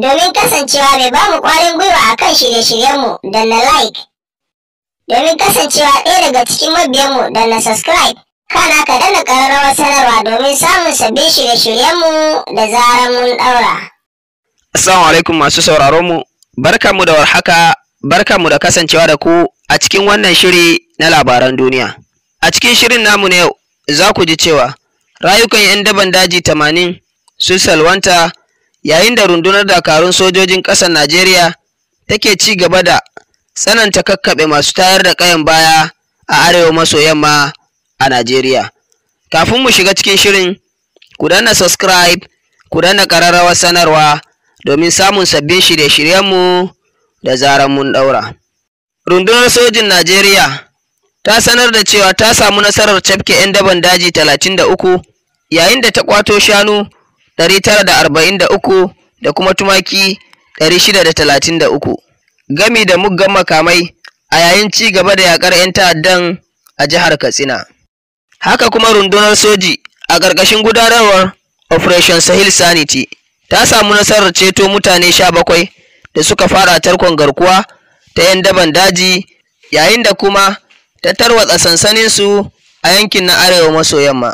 domin kasancewa mai bamu kwarin gwiwa a kan shirye-shiryenmu da na like. Domin kasancewa ɗaya daga cikin mabiyanmu da na subscribe, kana ka dana ƙararrawar sanarwa domin samun sabbin shirye-shiryenmu da zarar mun ɗaura. Assalamu alaikum masu sauraron mu, barka mu da warhaka, barka mu da kasancewa da ku a cikin wannan shiri na labaran duniya. A cikin shirin namu na yau, za ku ji cewa rayukan 'yan daban daji tamanin su salwanta yayin da rundunar dakarun sojojin ƙasar Najeriya take ci gaba da tsananta kakkaɓe masu tayar da ƙayan baya a arewa maso yamma a Najeriya. Kafin mu shiga cikin shirin, ku danna subscribe, ku danna ƙararrawar sanarwa domin samun sabbin shirye-shiryenmu da zaran mun ɗaura. Rundunar sojin Najeriya ta sanar da cewa ta samu nasarar cafke 'yan daban daji 33 yayin da ta kwato shanu ɗari tara da arba'in da uku da kuma tumaki ɗari shida da talatin da uku. Gami da muggan makamai a yayin ci gaba da yakar 'yan ta'addan a jihar Katsina. Haka kuma rundunar soji a ƙarƙashin gudanarwar Operation Sahel Sanity ta samu nasarar ceto mutane sha bakwai da suka fara tarkon garkuwa ta 'yan daban daji yayin da kuma ta tarwatsa sansanin su a yankin na arewa maso yamma.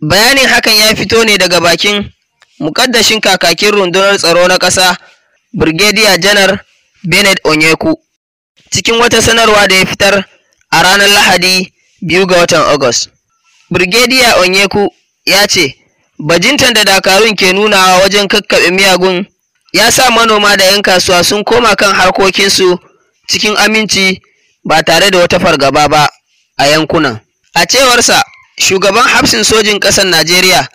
Bayanin hakan ya fito ne daga bakin Mukaddashin kakakin rundunar tsaro na ƙasa, Brigadier Janar Bened Onyeku, cikin wata sanarwa da ya fitar a ranar Lahadi biyu ga watan August. Brigadier Onyeku ya ce, bajintan da dakarun ke nunawa wajen kakkaɓe miyagun ya sa manoma da 'yan kasuwa sun koma kan harkokinsu cikin aminci ba tare da wata fargaba ba a yankunan. A cewarsa, shugaban hafsin sojin ƙasar Najeriya,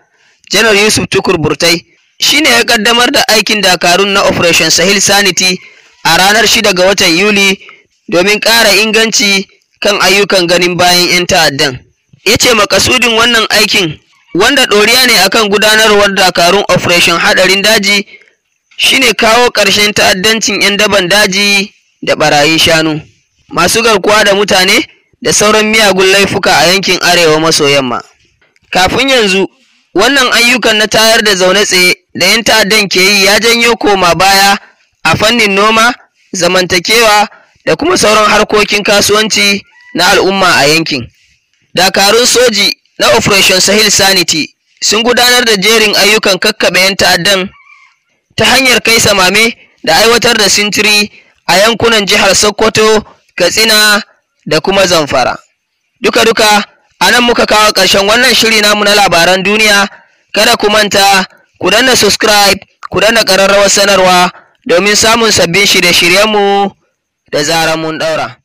janar yusuf tukur burtai shine ya kaddamar da aikin dakarun na operation Sahil sanity a ranar 6 ga watan yuli domin ƙara inganci kan ayyukan ganin bayan 'yan ta'addan ya ce makasudin wannan aikin wanda ɗoriya ne akan gudanarwar dakarun operation hadarin daji shine kawo ƙarshen ta'addancin 'yan daban daji da ɓarayin shanu masu garkuwa da mutane da sauran miyagun laifuka a yankin arewa maso yamma kafin yanzu Wannan ayyukan na tayar da zaune tsaye da 'yan ta'addan ke yi ya janyo koma baya a fannin noma, zamantakewa da kuma sauran harkokin kasuwanci na al'umma a yankin. Dakarun soji na Operation Sahel Sanity sun gudanar da jerin ayyukan kakkaɓe 'yan ta'addan ta hanyar kai samame da aiwatar da sintiri a yankunan jihar Sokoto, Katsina da kuma Zamfara. Duka-duka a nan muka kawo ƙarshen wannan shiri namu na labaran duniya kada ku manta ku danna subscribe ku danna ƙararrawar sanarwa domin samun sabbin shirye-shiryenmu da zarar mun ɗaura